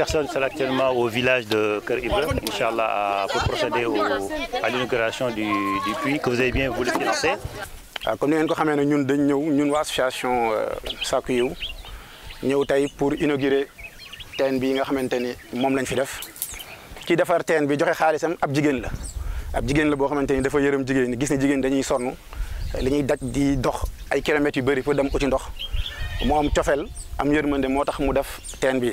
personnes sont actuellement au village de Ker Inch'Allah, pour procéder au, à l'inauguration du, du, puits que vous avez bien voulu financer. Ah, comme nous le savons, nous sommes l'association Saku Yew. Nous sommes pour inaugurer la TN qui est fait. Qui a fait TN, c'est un jigen. ab jigéen la boo xamante ni dafa yërëm jigéen ñi gis ne jigéen dañuy sonn li ñuy daj di dox ay kilomètres yu bëri pour dem uti ndox mu am cofeel am yërmande moo tax mu def teen bi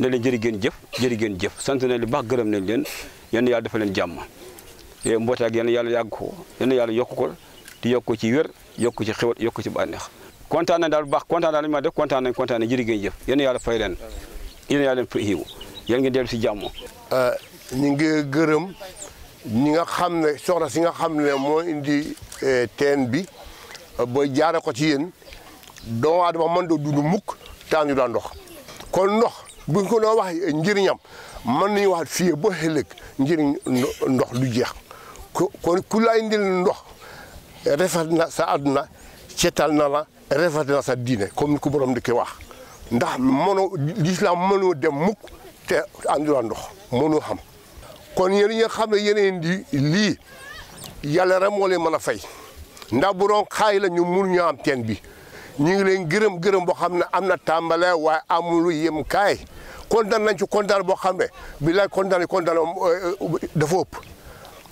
ne leen jërë ngeen jëf jërë ngeen jëf sant nañ leen baax gërëm nañ leen yéen yàlla dafa leen jàmm eh, mbootaay ak yéen yàlla yàgg ko yéen yàlla yokk ko di yokk ko ci wér yokk ko ci xewat yokk ko ci bànneex kontaan nañ daal bu baax kontaan daal lañu ma def kontaan nañ kontaan nañ jërë ngeen jëf yéen yàlla fay leen yéen yàlla leen fa yiw yéen ngeen dellu si jàmm euh, ñu ngi gërëm ñi nga xam ne soxna si nga xam ne moo indi eh, teen bi euh, ba jaare ko ci yéen doomu aadama mën doo dund mukk taan yu daan ndox kon ndox buñ ko doon wax njëriñam mën nañu wax fii ba xëlëg njëriñ ndox du jeex kon ku lay ndox rafet na sa àdduna cetal na la rafet na sa diine comme ni ko borom di ko wax ndax mënoo lislaam mënoo dem mukk te àndula ndox mënoo xam kon yéen ñi nga xam ne yeneen di lii yàlla rek moo leen mën a fay ndax bu xaay la ñu mun am teen bi ñu ngi leen gërëm gërëm boo xam ne am na tàmbale waaye amulu yem kaay kontaan nañ ci kontaan boo xam ne bi laay kontaan kontaan euh, dafa ëpp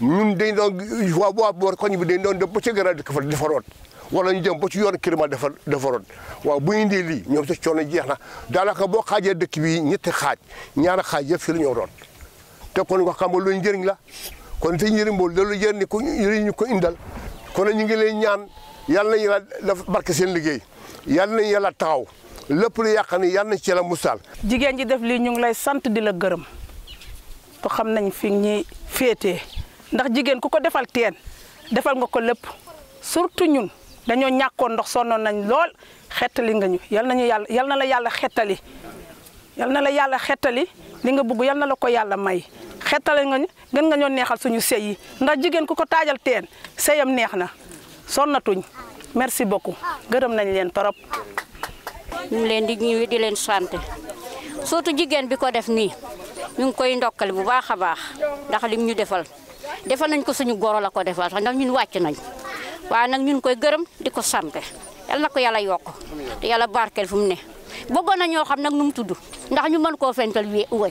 ñun dañ doon waa bu waa boor koñ bi dañ doon dem ba ci garab di ko defaroot wala ñu jëm ci yoon climat defar defaroon waaw bu ñu indee lii ñoom sa coono jeex na daanaka boo xaajee dëkk bi ñetti xaaj ñaari xaaj yëpp fii la ñoo doon te kon nga xam nga lu njëriñ la kon te njëriñ boobu loolu njëriñ ko njëriñ ñu ko indal kon ñu ngi lay ñaan yàlla nañu la def barke seen liggéey yàlla nañu yàlla taxaw lépp lu yàq ni yàlla nañ ci la musal. jigéen ji def lii ñu ngi lay sant di la gërëm te xam nañ fi ñuy féetee ndax jigéen ku ko defal teen defal nga ko lépp surtout ñun dañoo ñàkkoon ndox sonnoon nañ lool xettali nga ñu yal nañu yàlla yal na la yàlla xetali yal na la yàlla xettali li nga bëgg yal na la ko yàlla may. xettale nga ñu gën nga ñoo neexal suñu sëy yi ndax jigéen ko ko taajal teen sëyam neex na sonnatuñ merci beaucoup gërëm nañ leen torop ñu leen di di leen sant surtout jigéen bi ko def nii ñu ngi koy ndokkal bu baax a baax ndax lim ñu defal defal nañ ko suñu goro la ko defal sax ndax ñun wàcc nañ waaye nag ñu koy gërëm di ko sant yal na ko yàlla yokk te yàlla barkeel fu mu ne bëggoon na ñoo xam nag nu mu tudd ndax ñu mën koo fental wé way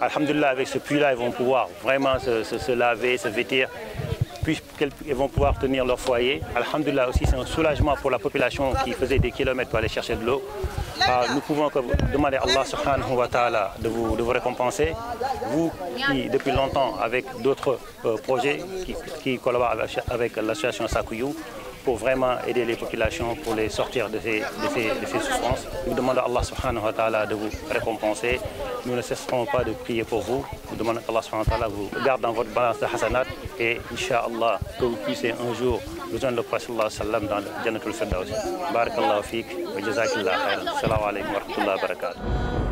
Alhamdulillah, avec ce puits-là, ils vont pouvoir vraiment se, laver, se vêtir, puisqu'ils vont pouvoir tenir leur foyer. Alhamdulillah aussi, c'est un soulagement pour la population qui faisait des kilomètres pour aller chercher de l'eau. Ah, nous pouvons demander à Allah subhanahu wa ta'ala de vous, récompenser. Vous qui, depuis longtemps, avec d'autres euh, projets qui, collaborent avec, l'association Sakuyu, pour vraiment aider les populations, pour les sortir de ces, souffrances. Nous demandons à Allah subhanahu wa ta'ala de vous récompenser. Nous ne cesserons pas de prier pour vous. Nous demandons à Allah subhanahu wa ta'ala vous garder dans votre balance de hasanat et Inch'Allah que vous puissiez un jour rejoindre le prophète sallam dans le Jannatul Firdaus. Barakallahu fiqh, wa jazakallah khairan. Assalamu alaykum wa rahmatullahi wa barakatuh.